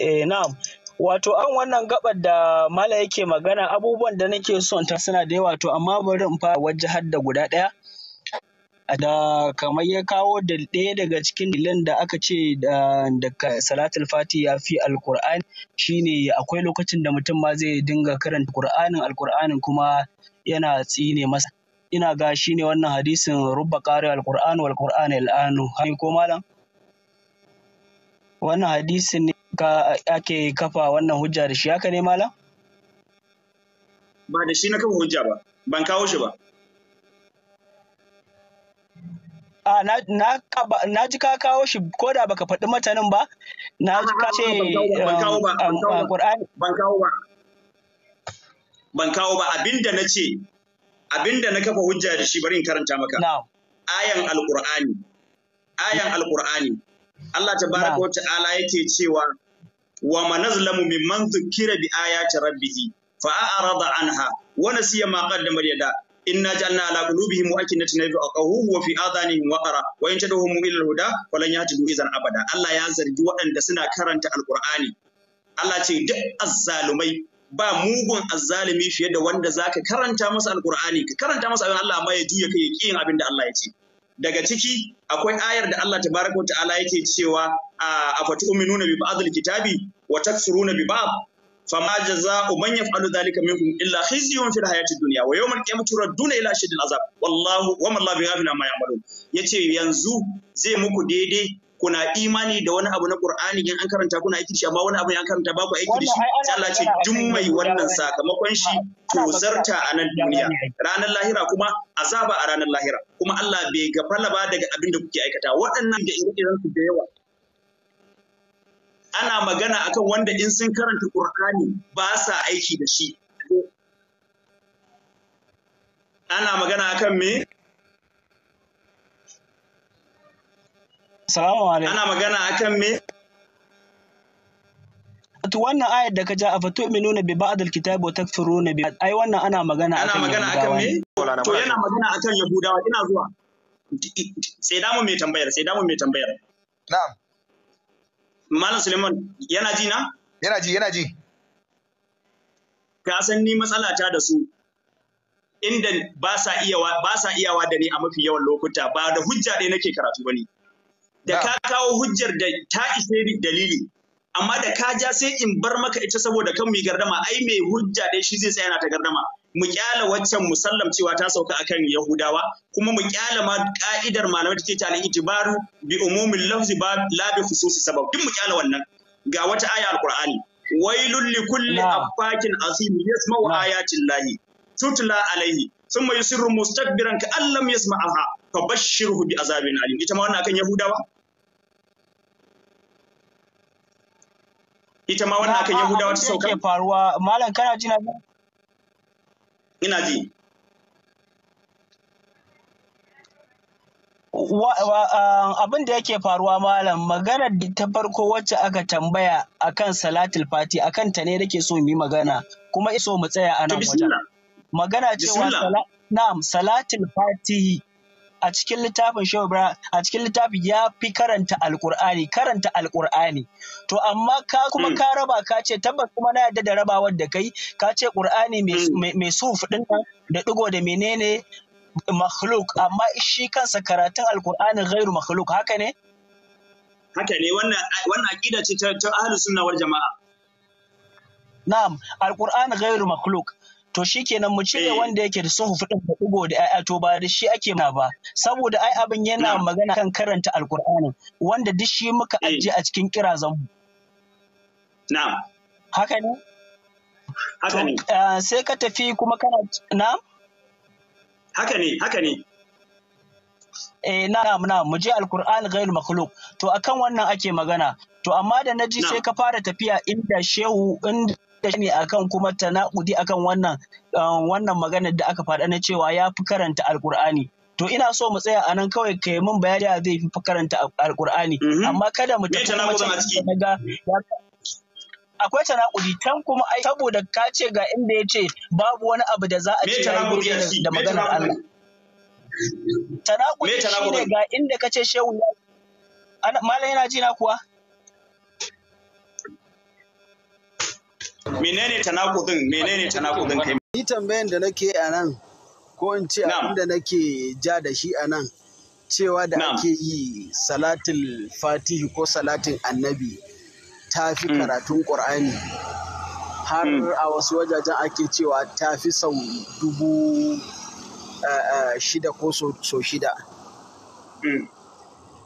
eh na'am wato an wannan gabar da mala yake magana abubuwan da nake son ta suna da yawa to amma bari in fara har da guda ɗaya da kamar ya kawo da ɗaya daga cikin dalilan da aka ce da salatul fati ya fi alkur'ani shine akwai lokacin da mutum ma zai dinga karanta kur'anin alkur'anin kuma yana tsine masa ina ga shine wannan hadisin rubba qari alkur'ani wal al'anu ko malam wannan hadisin ne ka ake kafa wannan hujja da shi haka ne malam ba da shi na kafa hujja ba ban kawo shi ba a na ji ka kawo shi ko da baka faɗi matanin ba na ji ka ce ban kawo ba ban kawo ba um, um, um, abinda na ce abinda na kafa hujja da shi bari in karanta maka ayan al’ur'ani, ayan al’ur'ani, Allah ta baraka wa ta'ala yake cewa wa manazlamu mimman dhukira bi ayati rabbih fa a'rada anha wa nasiya ma qaddama yada inna ja'alna ala qulubihim akinatin yafqahu wa fi adanihim qara wa in tad'uhum ila al-huda lan yahdu izan abada Allah ya zargi waɗanda suna karanta alqur'ani Allah ce duk azzalumai ba mugun azzalumi fiye da wanda zaka karanta masa alqur'ani ka karanta masa abin Allah amma ya juya kai yakin abin da Allah ya ce daga ciki akwai ayar da Allah tabaraka ta'ala yake cewa a nuna bi ba'dil kitabi wa takfuruna bi ba'd fama jazaa'u man yaf'alu dhalika minkum illa khizyun fil hayati dunya wa yawmal qiyamati turadduna ila da azab wallahu wa ma Allahu bighafilin amma ya'malun yace yanzu zai muku daidai kuna imani da wani abu na Qur'ani in an karanta kuna aiki da shi amma wani abu in karanta ba ku aiki da shi Allah ce jummai wannan sakamakon shi to zarta a nan duniya ranar lahira kuma azaba a ranar lahira kuma Allah bai gafala ba daga abin da kuke aikata waɗannan da irin irin su da yawa ana magana akan wanda in sun karanta Qur'ani ba sa aiki da shi ana magana akan me Salamu alaikum. Ana magana akan me? To wannan ayat da ka ja a fatu mi nuna bi ba'dal kitab wa na bi ai wannan ana magana akan Ana magana akan me? To yana magana akan Yahudawa ina zuwa. Sai damu mai tambayar, sai damu mai tambayar. Na'am. Malam Suleiman yana ji na? Yana ji, yana ji. Ka san ni matsala ta da su inda ba sa iyawa da ni a mafi yawan lokuta ba da hujja ɗaya nake karatu ba ne. da ka kawo hujjar da ta ishe dalili amma da ka ja sai in bar maka ita saboda kan mu gardama ai mai hujja dai shi zai tsaya na ta gardama mu kyala waccan musallam cewa ta sauka akan yahudawa kuma mu kyala ma ka'idar malamai da ke talin itibaru bi umumin lafzi ba la bi khususi sabab duk mu kyala wannan ga wata aya alqur'ani wailul li kulli affakin azim yasma'u ayatin lahi tutla alaihi thumma yusirru mustakbiran ka allam yasma'aha fabashshirhu bi azabin alim ita ma wannan akan yahudawa ita ma wannan akan Yahudawa ta sauka ke faruwa malam kana ji na ina ji abin da yake faruwa malam maganar ta farko wacce aka tambaya akan salatul fati akan ta ne nake so mu yi magana kuma iso mu tsaya a nan wajen magana cewa na'am salatul fati a cikin littafin Shehu a cikin littafin ya fi karanta alkur'ani karanta alkur'ani to amma ka kuma hmm. ka raba ka ce tabbas kuma na yadda da rabawar da kai ka ce qur'ani mai hmm. suf din da digo da menene makhluk amma shi kansa karatun alkur'ani ghairu makhluk haka ne haka ne wannan wannan ce ta ahlus sunna wal jamaa na'am alkur'ani ghairu makhluk to kenan mu cire eh. wanda yake da suhufu din da digo da ayya to ba da shi ake ma ba saboda ai abin yana magana kan karanta alkur'ani wanda duk shi muka eh. ajiye a cikin kirazan mu na'am haka ne haka ne eh, sai ka tafi kuma kana na'am haka ne haka ne eh na na mu je alkur'an ghayr makhluq to akan wannan ake magana to amma da naji sai ka fara tafiya inda shehu inda da shi ne akan kuma tanakudi akan wannan um, wannan maganar da aka faɗa na cewa ya fi karanta alkur'ani to ina so mu tsaya a nan kawai kai mun bayani zai fi karanta alkur'ani mm-hmm. amma kada mu tafi na ga akwai tanakudi tan kuma ai saboda ka ce ga inda ya ce babu wani abu da za a ci da maganar Allah tanakudi shi ne ga inda ka ce shehu malam yana ji na kuwa menene tanakudin menene tanakudin kai ni tambayan da nake a nan ko in ce abin da nake ja da shi a nan cewa da ake yi salatul fatihi ko salatin annabi ta fi mm. karatun ƙur'ani har mm. a wasu wajajen ake cewa ta fi sau dubu eh, eh, shida ko sau shida mm.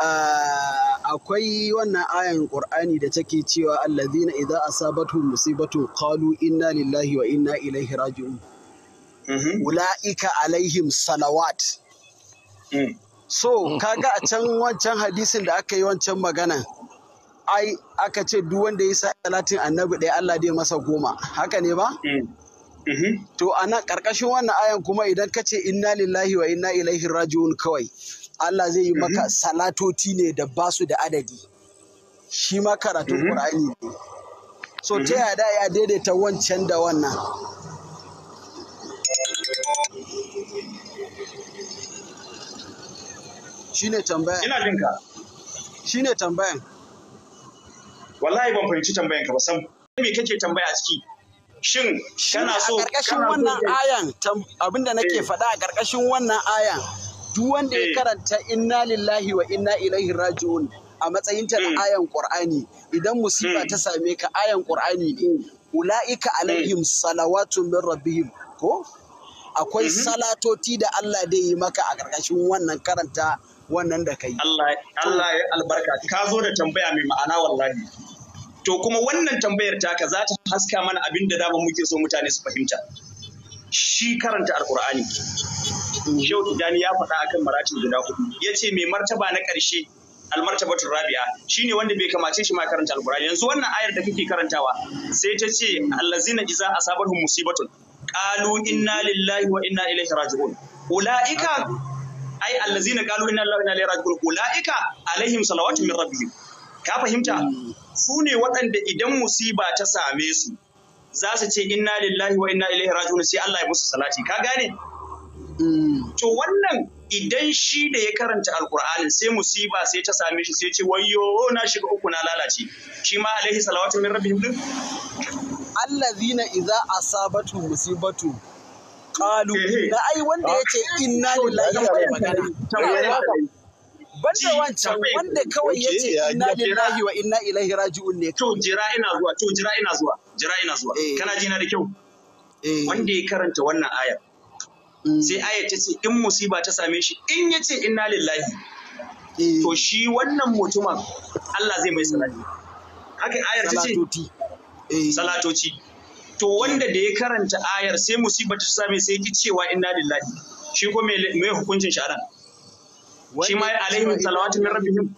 Ah, akwai wannan ayan ƙur'ani da take cewa allazina idza asabatuhum musibatu qalu inna lillahi wa inna ilaihi raji'un mm-hmm. ula'ika alaihim salawat mm. so kaga a can wancan hadisin da aka yi wancan magana ai aka ce duk wanda ya sa salatin annabi ɗaya Allah dai masa goma haka ne ba mm. mm-hmm. to a nan ƙarƙashin wannan ayan kuma idan ka ce inna lillahi wa inna ilaihi raji'un kawai Allah zai yi maka mhm. salatoti ne da su da adadi shi ma karatun mhm. Qur'ani ne so ta mhm. yada ya daidaita wancan da wannan shine tambayan ina jin ka shine tambayan wallahi ban fahimci tambayan ka ba sam me kake tambaya a ciki shin kana so eh. a karkashin wannan ayan abinda nake faɗa a karkashin wannan ayan duk wanda ya eh. karanta inna lillahi wa inna ilaihi raji'un a matsayinta na hmm. ayan qur'ani idan musiba hmm. ta same ka ayan qur'ani ne hmm. ula'ika alaihim salawatun min rabbihim ko akwai salatoti da Allah dai yi maka a ƙarƙashin wannan karanta wannan da kai Allah Allah ya albarka ka zo da tambaya mai ma'ana wallahi to kuma wannan tambayar taka za ta haska mana abin da dama muke so mutane su fahimta shi karanta alqur'ani Shehu Tijjani ya faɗa akan maratib guda hudu Ya ce mai martaba na ƙarshe almartabatul rabi'a shine wanda bai kamace shi ma karanta alqur'ani yanzu wannan ayar da kake karantawa sai ta ce allazina iza asabatuhum musibatun qalu inna lillahi wa inna ilaihi raji'un ulaika ai allazina qalu inna lillahi wa inna ilaihi raji'un ulaika alaihim salawatu min rabbihim ka fahimta su ne waɗanda idan musiba ta same su za su ce inna lillahi wa inna ilaihi raji'un sai Allah ya musu salati ka gane To wannan idan shi da ya karanta alkur'anin sai musiba sai ta same shi sai ce wayo na shiga uku na lalace shi ma alaihi salawatu min rabbihim din allazina idza asabatu musibatu qalu da eh, eh. ai wanda yace inna lillahi wa magana banda wancan wanda kawai yace inna lillahi wa inna ilaihi raji'un ne to jira ina zuwa to jira ina zuwa jira ina zuwa eh. kana jina da kyau wanda ya karanta wannan ayar sai ayat ta ce in musiba ta same shi in ya ce inna lillahi eh. to shi wannan mutumin Allah zai mai salati haka ayar ta ce salatoci eh. to wanda da ya karanta ayar sai musiba ta same sai ki cewa inna lillahi shi ko me me hukuncin shi aran shi ma alaihi salawatu min rabbihim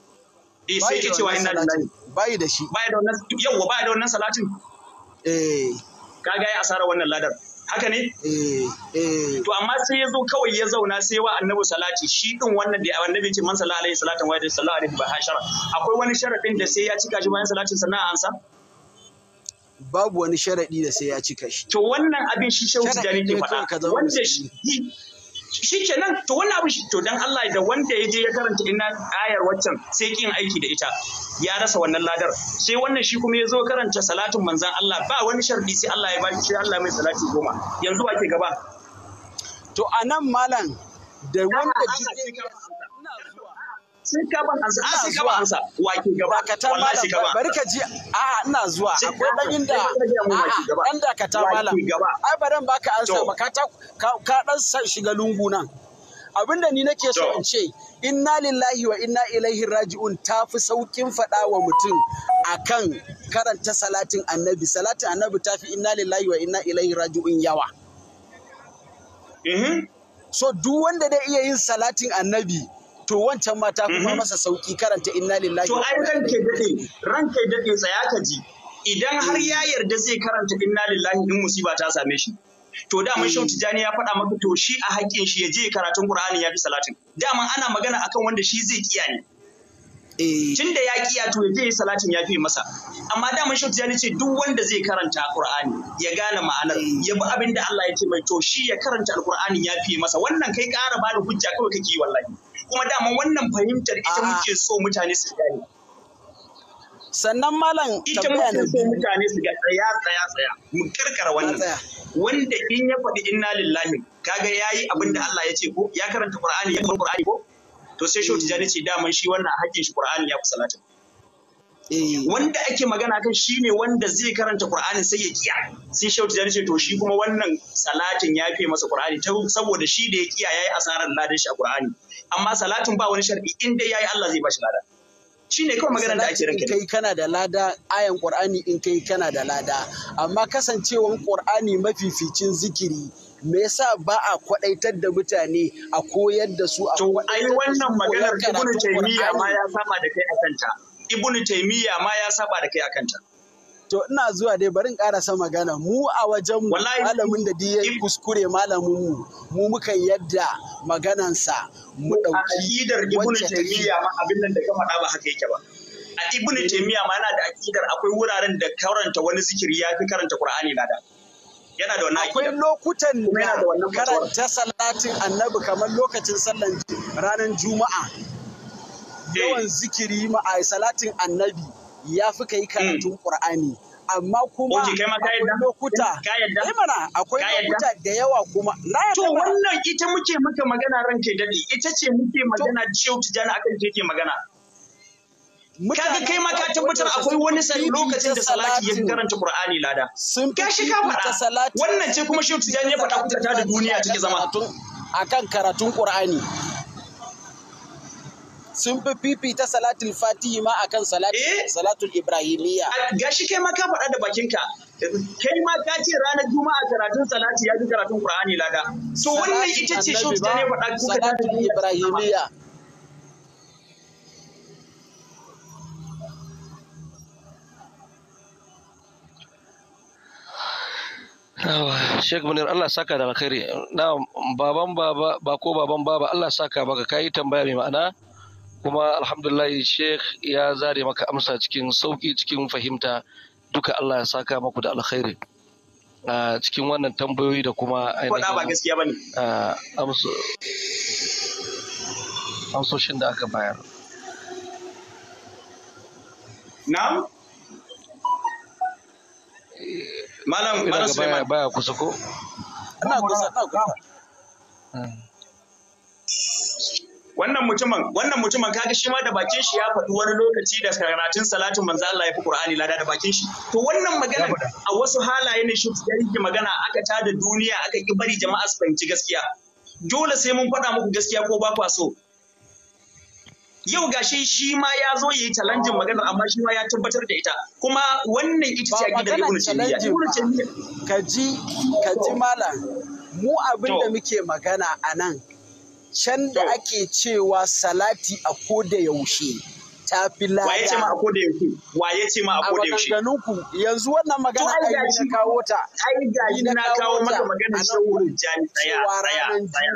eh sai ki cewa inna lillahi bai da shi bai da wannan yawa bai da wannan salatin eh kaga ya asara wannan ladar haka ne eh, eh. to amma sai ya zo kawai ya zauna sai wa annabi salati shi din wannan da annabi ce man sallallahu alaihi salatu wa sallallahu alaihi wa hashara akwai wani sharadin da sai ya cika shi bayan salatin sa na ansa babu wani sharadi da sai ya cika shi to wannan abin shi shehu tijani ke faɗa wanda shi nan? to wannan abu to dan Allah da wanda ya je ya karanta ina ayar waccan sai kin aiki da ita ya rasa wannan ladar sai wannan shi kuma ya zo karanta salatin manzan Allah ba wani sharbi sai Allah ya bashi sai Allah mai salati goma yanzu ake ke gaba to anan malam da wanda jirgin sai ka ban ansa a sai ka wake gaba wallahi sai bari ka ji a ina zuwa akwai dan inda dan da ka ta malam ai baran baka ansa ba ka ka dan shiga lungu nan abinda ni nake so in ce inna lillahi wa inna ilaihi raji'un ta fi saukin faɗa wa mutum akan karanta salatin annabi salatin annabi ta fi inna lillahi wa inna ilaihi raji'un yawa mm-hmm. so duk wanda da iya yin salatin annabi to wancan ma ta kuma mhm. masa sauki karanta inna lillahi to ai ranke dade ranke dade tsaya ka ji idan har ya yarda zai karanta inna lillahi in musiba ta same shi to da mun shauti mm. jani ya faɗa maka to shi a haƙƙin shi ya je karatun qur'ani ya fi salatin mun ana magana akan wanda shi zai kiya ne eh. tun da ya kiya to je salatin ya fi masa amma da mun shauti jani ce duk wanda zai karanta qur'ani ya gane ma'anar eh. ya bi abin da Allah ya ce mai to shi ya karanta alqur'ani ya fi masa wannan kai ƙara ba da hujja kawai kake wallahi kuma dama wannan fahimtar ita muke so mutane su gane sannan malam ita muke so mutane su ga tsaya tsaya tsaya mu karkara wannan wanda in ya faɗi inna lillahi kaga yayi abin da Allah ya ce ko ya karanta Qur'ani ya karanta Qur'ani ko to sai shi tijani ce daman shi wannan hakkin shi Qur'ani ya kusa salatin. Eh. wanda ake magana kan shine wanda zai karanta Qur'ani sai ya kiya sai Shehu zai ce to shi kuma wannan salatin ya fi masa Qur'ani saboda shi da ya kiya yayi asarar ladan shi a Qur'ani amma salatin ba wani sharbi in dai yayi Allah zai bashi lada shine kawai maganar da ake ranka kai kana da lada ayan Qur'ani in kai kana da lada amma kasancewan Qur'ani mafificin zikiri me yasa ba a kwadaitar da mutane a koyar da su a to ai wannan maganar Ibn Taymiyyah ma ya sama da kai a kanta ibnu taimiyya ma ya saba da kai akan ta to ina zuwa dai bari in karasa magana mu a wajen mu malamin da diya kuskure malamin mu mu muka yadda maganansa mu dauki akidar ibnu taimiyya ma abin nan da ka faɗa ba haka yake ba a ibnu eh. taimiyya ma yana da aƙidar akwai wuraren da karanta wani zikiri ya fi karanta qur'ani da yana da wannan akwai lokutan da karanta salatin annabi kamar lokacin sallan ranar juma'a yawan zikiri ma a salatin annabi ya fi kai karatun ƙur'ani. Hmm. amma kuma akwai lokuta eh mana akwai lokuta da yawa kuma na to wannan ita muke maka magana ran ke dadi ita ce muke magana ta jana akan ke magana kaga kai ma ka tabbatar akwai wani sani lokacin da salati ya karanta Qur'ani lada ka shi ka faɗa wannan ce kuma shi ya faɗa kuka da duniya take zama akan karatun Qur'ani sun fi fifita salatul fatihi ma akan salatul eh? ibrahimiyya gashi kai ma ka faɗa da bakinka kai ma ka ce ranar juma'a karatun salati ya fi karatun qur'ani lada so wannan ita ce shi ta ne faɗa kuka salatul ibrahimiyya Sheikh Munir Allah saka da alkhairi na baban baba ba ko baban baba Allah saka baka kai tambaya mai ma'ana kuma alhamdulillah sheikh ya zare maka amsa cikin sauki cikin fahimta duka Allah ya saka maku da alkhairi a cikin wannan tambayoyi da kuma ainihin ba gaskiya bane amsoshin da aka bayar na'am malam malam baya kusa ko ina kusa ina kusa wannan mutumin wannan mutumin kaga shi ma da bakin shi ya faɗi wani lokaci da karatun salatin manzo Allah ya fi Qur'ani lada da bakin shi to wannan magana a wasu halaye ne shi da yake magana aka da duniya aka ki bari jama'a su fahimci gaskiya dole sai mun faɗa muku gaskiya ko ba kwa so yau gashi shi ma ya zo yi challenging magana amma shi ma ya tabbatar da ita kuma wannan ita ce gidan da ibnu Ka ji kaji kaji mala mu abin da muke magana a nan can da ake cewa salati a koda yaushe ta fi lada. Waye ce ma a koda yaushe? a koda yaushe? yanzu wannan magana ai na kawo ta. Ai gashi na kawo maka magana shawurin jani tsaya tsaya tsaya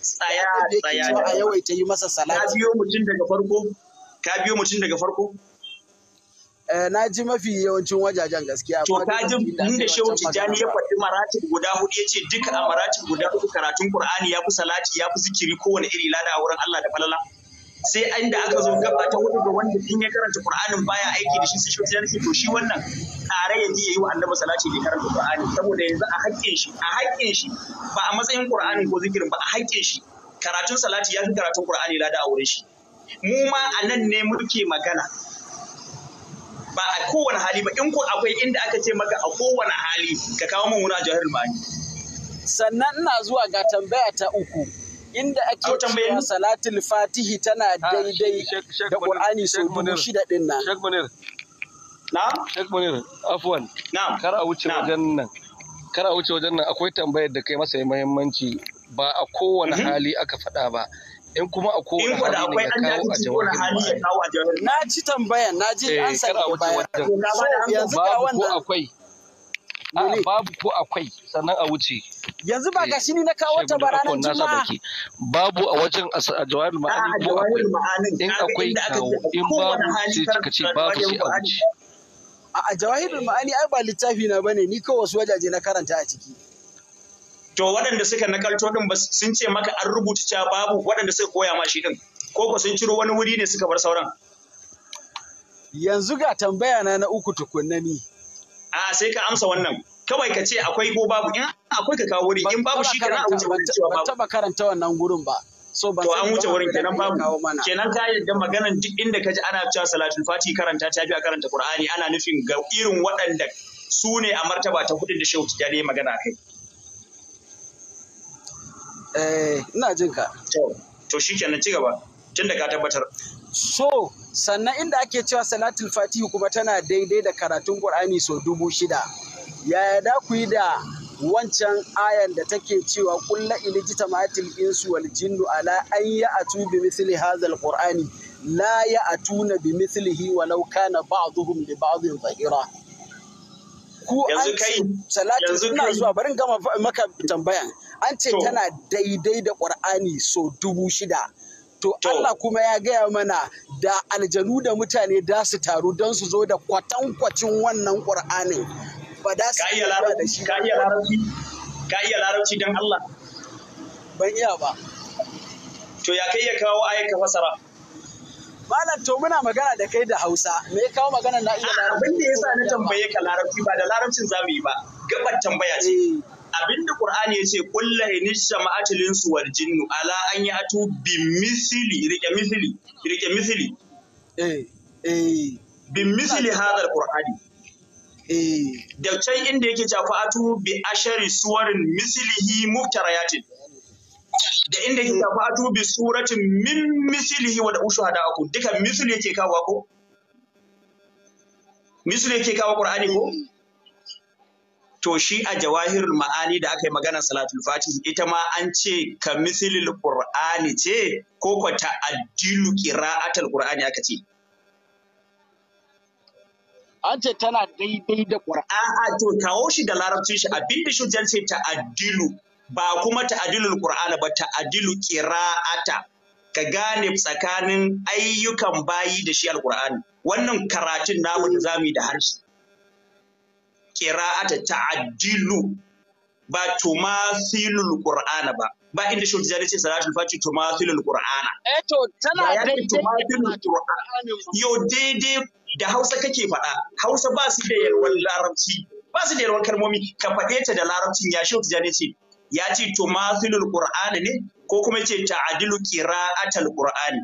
tsaya tsaya. tsaya a yawaita yi masa salati. Ka biyo tsaya tsaya tsaya Ka biyo mutum daga farko? Eh, na ji mafi yawancin wajajen gaskiya. To ka ji mun da Shehu tijani ya faɗi maratib guda hudu ya ce duka a maratib guda hudu karatun Qur'ani ya fi salati ya fi zikiri kowane iri lada a wurin Allah da falala. Sai an aka zo gaba ta hudu ga wanda in ya karanta Qur'anin baya aiki da shi sai Shehu tijani ko to shi wannan tare ya ji yi wa annabi salati da karanta Qur'ani saboda yanzu a haƙƙin shi a haƙƙin shi ba a matsayin Qur'anin ko zikirin ba a haƙƙin shi karatun salati ya fi karatun Qur'ani lada a wurin shi. Mu ma a nan ne muke magana ba a kowane hali ba in ko akwai inda aka ce maka a kowane hali ka kawo min wani a jihar Mani sannan ina zuwa ga tambaya ta uku inda ake cewa salatul fatihi tana ah, daidai da Qur'ani sau dubu shida din nan Sheikh Munir na'am Sheikh Munir afwan na'am kar a wuce wajen nan kar a wuce wajen nan akwai tambayar da kai masa muhimmanci ba a kowane mhm. hali aka faɗa ba in kuma a kowane hali ne kawo a jawabin ma'ai. Na ji tambayan, na ji eh, ansa ga daga baya. Yanzu ga akwai. babu ko akwai sannan a wuce. Yanzu ba eh, gashi ni na kawo ta ba ranar Juma'a. Babu a wajen a jawabin ma'anin ko akwai. In akwai kawo in babu sai kika ce babu sai a wuce. A jawahirul ma'ani ai ba littafi na bane ni kawai wasu wajaje na karanta a ciki. to waɗanda suka nakalto din sun ce maka an rubuta cewa babu waɗanda suka koya ma shi din ko ko sun ciro wani wuri ne suka bar sauran yanzu ga tambaya na na uku tukunna ni a sai ka amsa wannan kawai ka ce akwai ko babu in akwai ka kawo wuri in babu shi ka na wuce wurin cewa babu taba karanta wannan gurin ba so ba to an wuce wurin kenan babu kenan ka yadda maganan duk inda ka ji ana cewa salatul fati karanta ta biya a karanta qur'ani ana nufin ga irin waɗanda su ne a martaba ta hudu da shehu tijjani magana kai Eh, ina jin ka. To, shi kenan ci gaba. da ka tabbatar. So, sannan inda ake cewa salatul fatihu kuma tana daidai da karatun Qur'ani so dubu shida. Yaya da ku yi da wancan ayan da take cewa kulla ilijita matil insu wal jinnu ala an ya atu bi misli hadha qur'ani la ya tuna bi mislihi walau kana ba'dhum li ba'dhin zahira ku yanzu kai yanzu ina zuwa barin gama maka tambayan an ce tana daidai da ƙur'ani so dubu shida to Allah kuma ya gaya mana da aljanu da mutane da su taru don su zo da kwatankwacin wannan ƙur'anin ba da su iya da shi ka iya larabci ka iya larabci don Allah ban iya ba to ya kai ya kawo ayyuka fasara Malam to muna magana da kai da Hausa me ya kawo magana na iya larabci abin da yasa na tambaye ka larabci ba da larabcin zamu yi ba gabar tambaya ce eh. Abin da Qur'ani ya ce kulla inisha ma'atilin su wal jinnu ala an ya atu bi misili rike misili rike misili eh eh bi misili hadal Qur'ani eh da can inda yake cewa atu bi ashari suwarin mislihi muftarayatin da inda yake cewa atu bi suratin min mislihi wa ushu ushuhada aku duka misli yake kawo ko misli yake kawo Qur'ani ko to shi a jawahirul ma'ani da aka yi magana salatul fatih ita ma an ce ka misilil qur'ani ce ko ka ta'addilu qira'atul qur'ani aka ce an ce tana daidai da qur'ani a'a to kawo shi da larabcin shi abinda shi jan ce ta'addilu ba kuma ta'adilul qur'ani ba ta'adilu qira'ata ka gane tsakanin ayyukan bayi da shi alqur'ani wannan karatun namu da zamu yi da harshe qira'ata ta'addilu ba tumathilul qur'ana ba ba inda shi tijani ce salatul fati tumathilul qur'ana eh to tana daidai tumathilul qur'ana yo daidai da Hausa kake faɗa Hausa ba su da yarwan larabci ba su da yarwan kalmomi ka faɗe ta da larabcin ya shi tijani ce ya ce tumathilul qur'ana ne ko kuma ce ta'adilu qira'atul qur'ani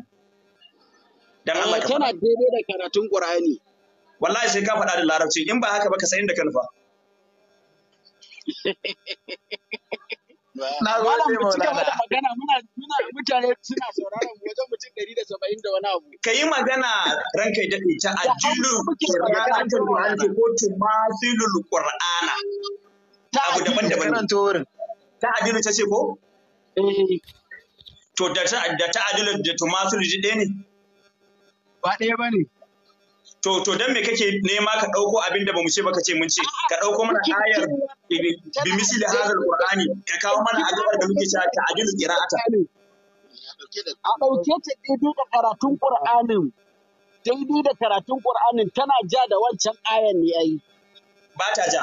dan Allah ka eh, tana daidai da karatun qur'ani wallahi sai ka faɗa da larabci in ba haka ba ka san inda ka nufa na mutum da magana muna muna mutane suna sauraron wajen mutum 170 da wani abu Kai magana ranka ya dade ta ajilu qur'anatul qur'ani ko tumasilul qur'ana abu daban-daban to wurin ta ajilu ta ce ko eh. to da ta da ta ajilu da tumasil ji ɗaya ne ba ɗaya bane to to dan me kake nema ka dauko abin da bamu ce ba ce mun ce ka dauko mana ayar bi misli hadal qur'ani ka kawo mana ajabar da muke cewa ta ajizu qira'ata a dauke ta daidai da karatun qur'anin daidai da karatun qur'anin tana ja da wancan ayar ne yayi ba ta ja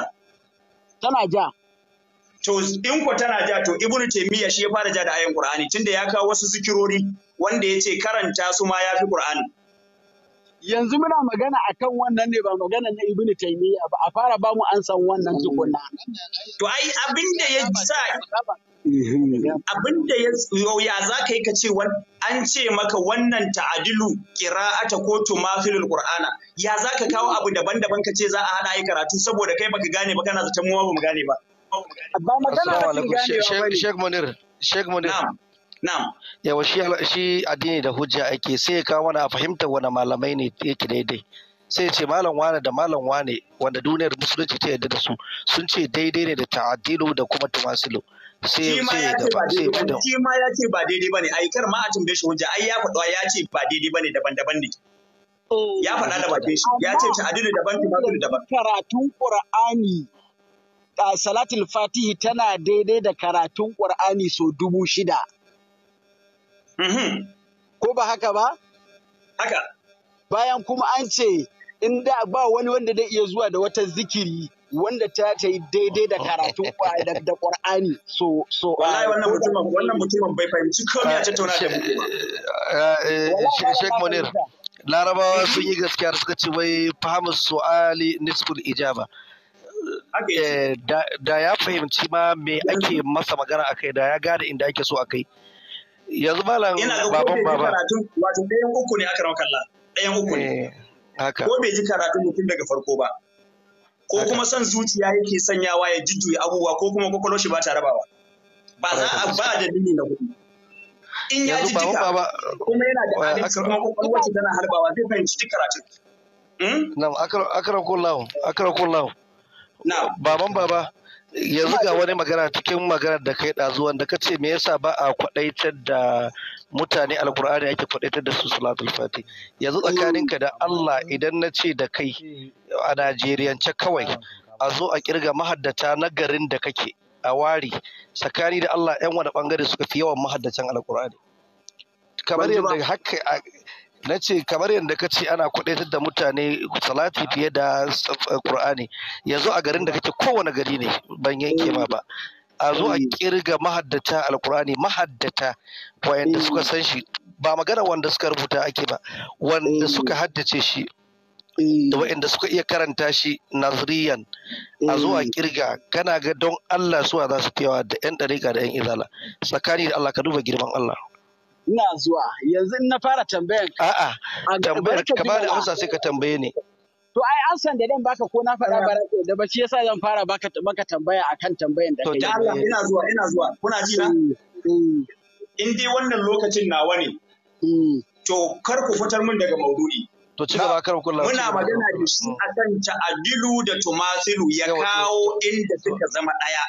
tana ja to in ko tana ja to ibnu taymiya shi ya fara ja da ayan qur'ani tunda ya kawo wasu zikirori wanda yace karanta su ma yafi qur'ani yanzu muna magana akan wannan ne ba magana na ibn taymiya ba a fara ba mu ansan wannan tukuna to ai abin da ya sa abin da ya ya ka yi ka ce an ce maka wannan ta'adilu qira'ata ko mafilin qur'ana ya za ka kawo abu daban-daban ka ce za a hada yi karatu saboda kai baka gane ba kana zaton mu ba mu gane ba ba magana ba Sheikh Munir Sheikh Munir na'am yawa shi shi addini da hujja ake sai ya kawo mana a fahimtar wani malamai ne yake daidai sai ce malam wane da malam wane wanda duniyar musulunci ta yarda da su sun ce daidai ne da ta'addilu da kuma tumasilu sai ya ce sai ya ya ce ba daidai bane ai kar ma a tambaye shi hujja ai ya faɗa ya ce ba daidai bane daban-daban ne ya faɗa da bakin shi ya ce ta'addilu daban tumasilu daban karatun qur'ani salatul fatihi tana daidai da karatun qur'ani so dubu shida Mhm. Ko ba haka ba? Haka. Bayan kuma an ce in da ba wani wanda zai iya zuwa da wata zikiri wanda ta ta yi daidai da karatu da ƙwar'ani. so so ah, wallahi wannan mutumin wannan mutumin bai fahimci komai a tattauna da mutum eh, eh, Sheikh Munir Larabawa sun yi gaskiya suka ce wai fahimus su'ali nisful ijaba eh, da ya fahimci ma me ake masa magana akai da ya gane inda ake so akai yanzu malam baban baba wato ɗayan uku ne aka rawa kalla ɗayan uku ne eh, ko bai ji karatun mutum daga farko ba ko kuma son zuciya yake sanyawa ya jujjuya abubuwa ko kuma kwakwalwar shi ba ta rabawa ba za a ba dini na kuɗi in ya ji jika kuma yana da adalci kuma kwakwalwar shi tana harbawa zai fahimci duk karatun hmm? na'am akara kullahu akara kullahu na'am baban baba yanzu ga wani magana cikin magana da kai ɗazu wanda ka ce me yasa ba a kwaɗaitar da mutane alkur'ani ake kwaɗaitar da su salatul fati yanzu tsakaninka da Allah idan na ce da kai a Najeriyance kawai a zo a kirga mahaddata na garin da kake a wari tsakani da Allah yan wani bangare suka fi yawan mahaddacin alkur'ani kamar yadda haka na ce kamar yadda ka ce ana kudaitar da mutane salati fiye da Ya yanzu a garin da kake kowane gari ne ban yanke ma ba a zo a eh. kirga mahaddata alkur'ani mahaddata wayanda suka eh. san shi ba magana wanda suka rubuta ake ba wanda eh. suka haddace shi da waɗanda suka iya karanta shi nazriyan a zuwa kirga kana ga don Allah suwa za su fiyawa da 'yan ɗariƙa da 'yan izala tsakani da Allah ka duba girman Allah. ina zuwa yanzu na fara tambayan a'a tambayar ka ba da amsa sai ka tambaye ni to ai an san da dan baka ko na fara bara ko da ba shi yasa zan fara baka maka tambaya akan tambayan da kai Allah ina zuwa ina zuwa kuna ji na mm, mm. in dai wannan lokacin nawa ne mm. to kar ku fitar min daga maudu'i To ci gaba kar kullum. Muna magana da shi akan ta'adilu da tumasilu ya kawo inda suka zama ɗaya.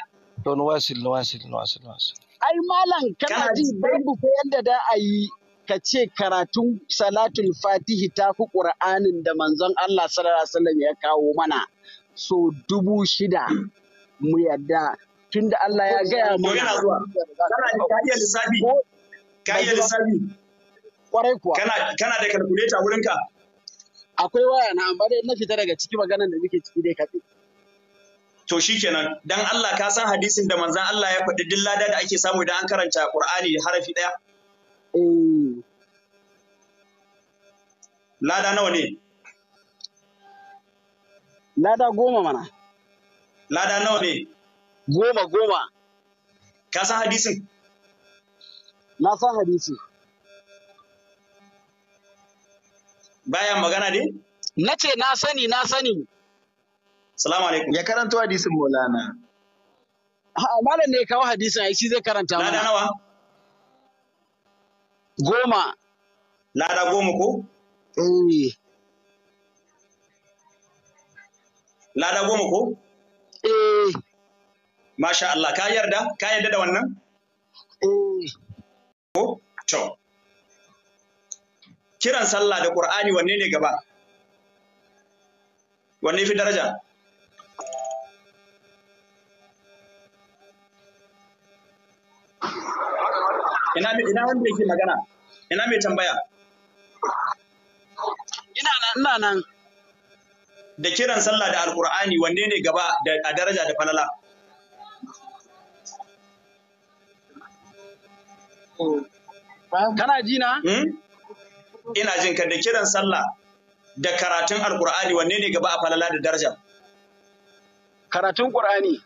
To nuwasil nuwasil nuwasil nuwasil. ai malam kana jin babu ko yanda da a yi ka ce karatun salatul fatihi ta fi ƙur'anin da manzon Allah sallallahu alaihi wasallam ya kawo mana so dubu shida mu yadda tunda Allah ya gaya mu yana zuwa kana iya lissafi ka iya lissafi kwarai kuwa kana kana da calculator wurinka akwai waya na amma dai na fita daga ciki maganar da muke ciki dai kafin. to shikenan dan Allah ka san hadisin da manzon Allah ya faɗi duk lada da ake samu idan an karanta Qur'ani harafi ɗaya? Eh. Lada nawa ne? Lada goma mana. Lada nawa ne? Goma goma. Ka san hadisin? Na san hadisin. Bayan magana ne? Na ce na sani na sani. Salamu alaikum. Ya karanto hadisin Maulana. Malam ne ya kawo hadisin a shi zai karanta mana. Lada nawa? Goma. Lada goma ko? Eh. Lada goma ko? Eh. Masha Allah, ka yarda? Ka yarda da wannan? Eh. Ko? Kiran sallah da Qur'ani wanne ne gaba? Wanne fi daraja? ina ina wanda yake magana ina mai tambaya ina nan ina nan da kiran sallah da Alƙur'ani, wanne ne gaba a daraja da falala kana ji na hmm? ina jin ka da kiran sallah da karatun Alƙur'ani, wanne ne gaba a falala da daraja karatun qur'ani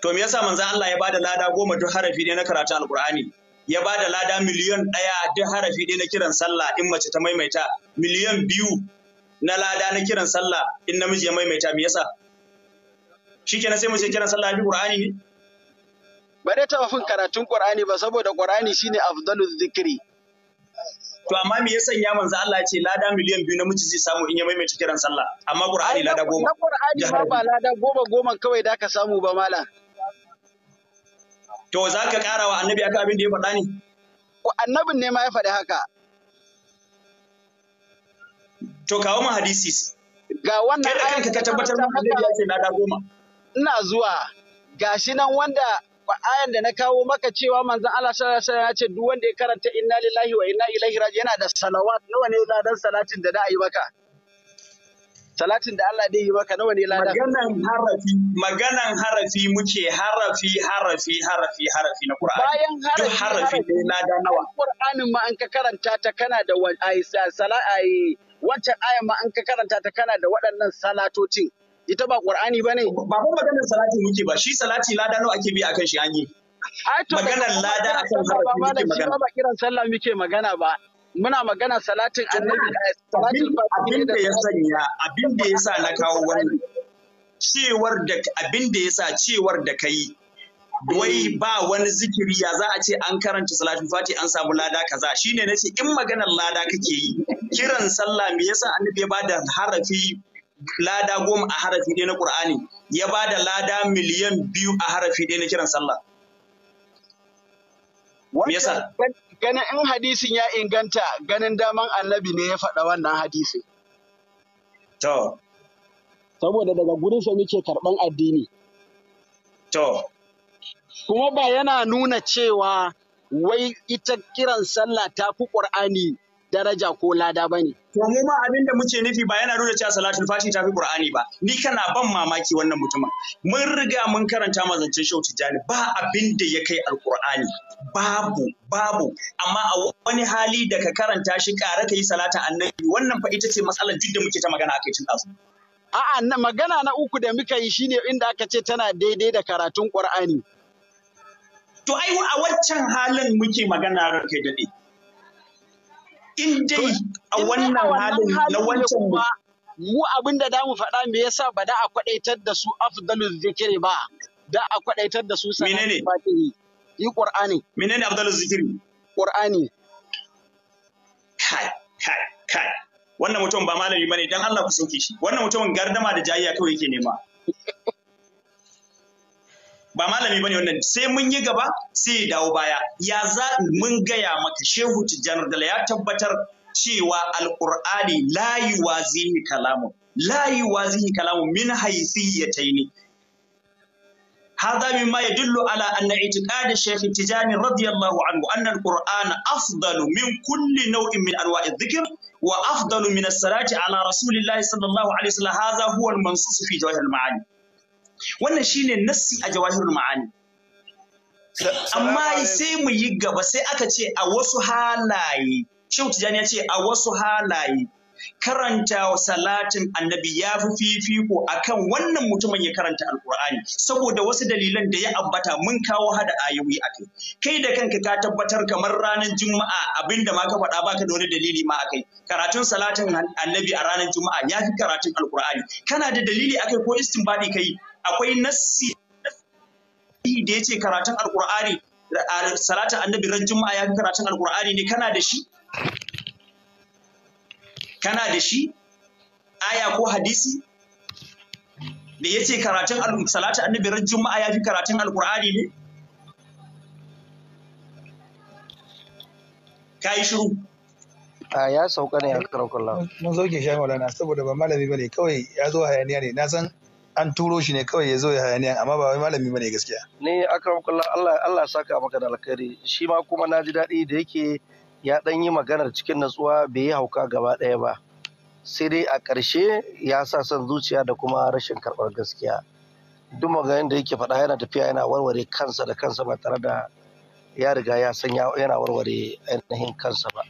to me yasa manzo Allah ya bada lada goma duk harafi ne na karatun Alƙur'ani? ya ba da lada miliyan ɗaya duk harafi ɗaya na kiran sallah in mace ta maimaita miliyan biyu na lada na kiran sallah in namiji ya maimaita me yasa shikenan sai mu kiran sallah bi qur'ani ne ba dai ta fin karatun qur'ani ba saboda qur'ani shine afdalul zikri to amma me ya sanya manzo Allah ce lada miliyan biyu namiji zai samu in ya maimaita kiran sallah amma qur'ani lada goma na qur'ani ba lada goma goma kawai da ka samu ba malam to za ka ƙara wa annabi aka abin da ya faɗa ne? Annabin ne ma ya faɗi haka. To kawo mu hadisi. Ga wannan ayar da ka tabbatar da annabi ya ce na da goma. Ina zuwa gashi nan wanda ayan da na kawo maka cewa manzon Allah sallallahu alaihi wasallam ya ce duk wanda ya karanta inna lillahi wa inna ilaihi raji'un yana da salawat nawa ne ladan salatin da da yi maka. salatin da Allah dai yi maka nawa ne lada maganan harafi maganan harafi muke harafi harafi harafi harafi na Qur'ani bayan harafi harafi da lada nawa Qur'anin ma an ka karanta ta kana da ai ai wancan aya ma an ka karanta ta kana da waɗannan salatocin ita ba Qur'ani bane ba mu maganar salati muke ba shi salati lada nawa ake bi akan shi an yi maganan lada akan harafi muke magana ba kiran sallah muke magana ba muna magana salatin annabi eh, salatin abin da ya sanya abin da ya sa na kawo wannan cewar da abin da ya sa cewar da kai wai ba wani zikiri ya za a ce an karanta salatin fati an samu lada kaza shine nace in maganar lada kake yi kiran sallah me yasa annabi ya bada harafi lada goma a harafi ɗaya na qur'ani ya bada lada miliyan biyu a harafi ɗaya na kiran sallah me yasa ganin in hadisin ya inganta ganin daman annabi ne ya faɗa wannan hadisin. To. Saboda daga gurinsa muke karɓan addini. To. Kuma ba yana nuna cewa wai ita kiran sallah ta fi ƙur'ani daraja ko lada ba ne. To mu ma abin da muke nufi ba yana nuna cewa salatul fati ta fi Qur'ani ba. Ni kana ban mamaki wannan mutumin. Mun riga mun karanta mazancin Shehu tijani ba abin da ya kai alqur'ani. Babu babu amma a wani hali da ka karanta shi ƙara ka yi salata annabi wannan fa ita ce matsalar duk da muke ta magana a kai tun A'a na magana na uku da muka yi shine inda aka ce tana daidai da karatun Qur'ani. To ai a waccan halin muke magana kai daɗe. in dai a wannan halin na wancan mu abin da damu faɗa me yasa ba da a kwadaitar da su afdalul zikiri ba da a kwadaitar da su sanan fatiri yi qur'ani menene afdalul zikiri qur'ani kai kai kai wannan mutum ba malami bane dan Allah ku sauke shi wannan mutum gardama da jayya kawai yake nema ba malami bane wannan sai mun yi gaba sai ya dawo baya ya za mun gaya maka shehu tijjanar dala ya tabbatar cewa alqur'ani la yuwazihi layi wa yuwazihi kalamun min haythiyataini هذا مما يدل على أن اعتقاد الشيخ التجاني رضي الله عنه أن القرآن أفضل من كل نوع من أنواع الذكر وأفضل من الصلاة على رسول الله صلى الله عليه وسلم هذا هو المنصوص في جوهر المعاني wannan shine nassi a jawahirul ma'ani amma sai mu yi gaba sai aka ce a wasu halaye shehu tijani ya ce a wasu halaye karanta salatin annabi ya fi fifiko akan wannan mutumin ya karanta alkur'ani saboda wasu dalilan da ya ambata mun kawo hada ayoyi kai kai da kanka ka tabbatar kamar ranar juma'a abinda ma ka faɗa baka da wani dalili ma akai karatun salatin annabi a ranar juma'a ya fi karatun alkur'ani kana da dalili akai ko istinbadi kai akwai nassi da ya ce karatun alkur'ani salatin annabi ran juma'a ya fi karatun alkur'ani ne kana da shi kana da shi aya ko hadisi da ya ce karatun salatin annabi ran juma'a ya fi karatun alkur'ani ne ka yi shiru a ya sauka ne a karokullah mun ke shi malana saboda ba malami bane kawai ya zo hayaniya ne na san an turo shi ne kawai ya zo ya hayaniya amma ba wai malami bane gaskiya ne akram Allah Allah saka maka da alkhairi shi ma kuma na ji daɗi da yake ya dan yi maganar cikin natsuwa bai yi hauka gaba ɗaya ba sai dai a ƙarshe ya sa son zuciya da kuma rashin karɓar gaskiya duk maganin da yake faɗa yana tafiya yana warware kansa da kansa ba tare da ya riga ya san yana warware ainihin kansa ba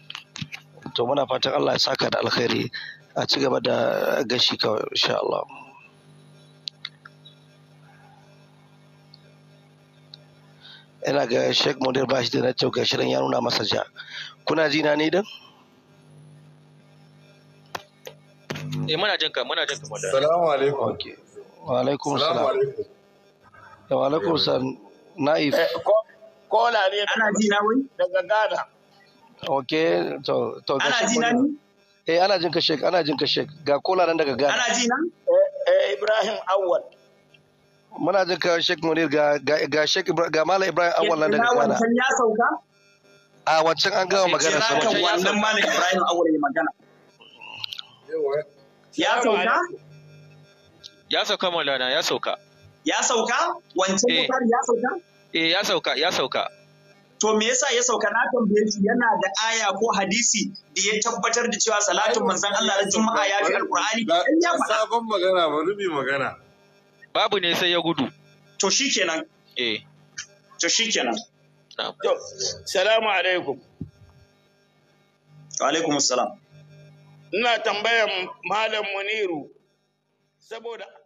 to muna fatan Allah ya saka da alkhairi a ci gaba da gashi kawai insha Allah Yana ga sheik Munir bashi da na ga shirin ya nuna masa ja kuna ji na ne din eh muna jin ka muna jin ka assalamu alaikum wa alaikum assalam wa alaikum assalam naif eh, kola ne ana ji na wai daga Ghana okay to to ana ji na ni eh ana jin ka sheik ana jin ka sheik ga kola nan daga Ghana ana ji na eh, eh Ibrahim Awwal muna jin kawai Sheikh Munir ga ga Sheikh ga Malam Ibrahim Awal nan da Ghana. Wancan ya sauka? A wancan an gama magana sa wancan. sauka. Malam Ibrahim Awal ya magana. Ya sauka? Ya sauka Maulana ya sauka. Ya sauka? Wancan eh. ya sauka? Eh ya sauka ya sauka. To me yasa ya sauka na tambaye shi yana da aya ko hadisi da ya tabbatar da cewa salatin manzon Allah da Juma'a ya fi Alƙur'ani? Sabon magana ba rubi magana. babu ne sai ya gudu to shi nan? eh to shikenan na'am salamu alaikum wa alaikum salam. ina tambayan malam muniru saboda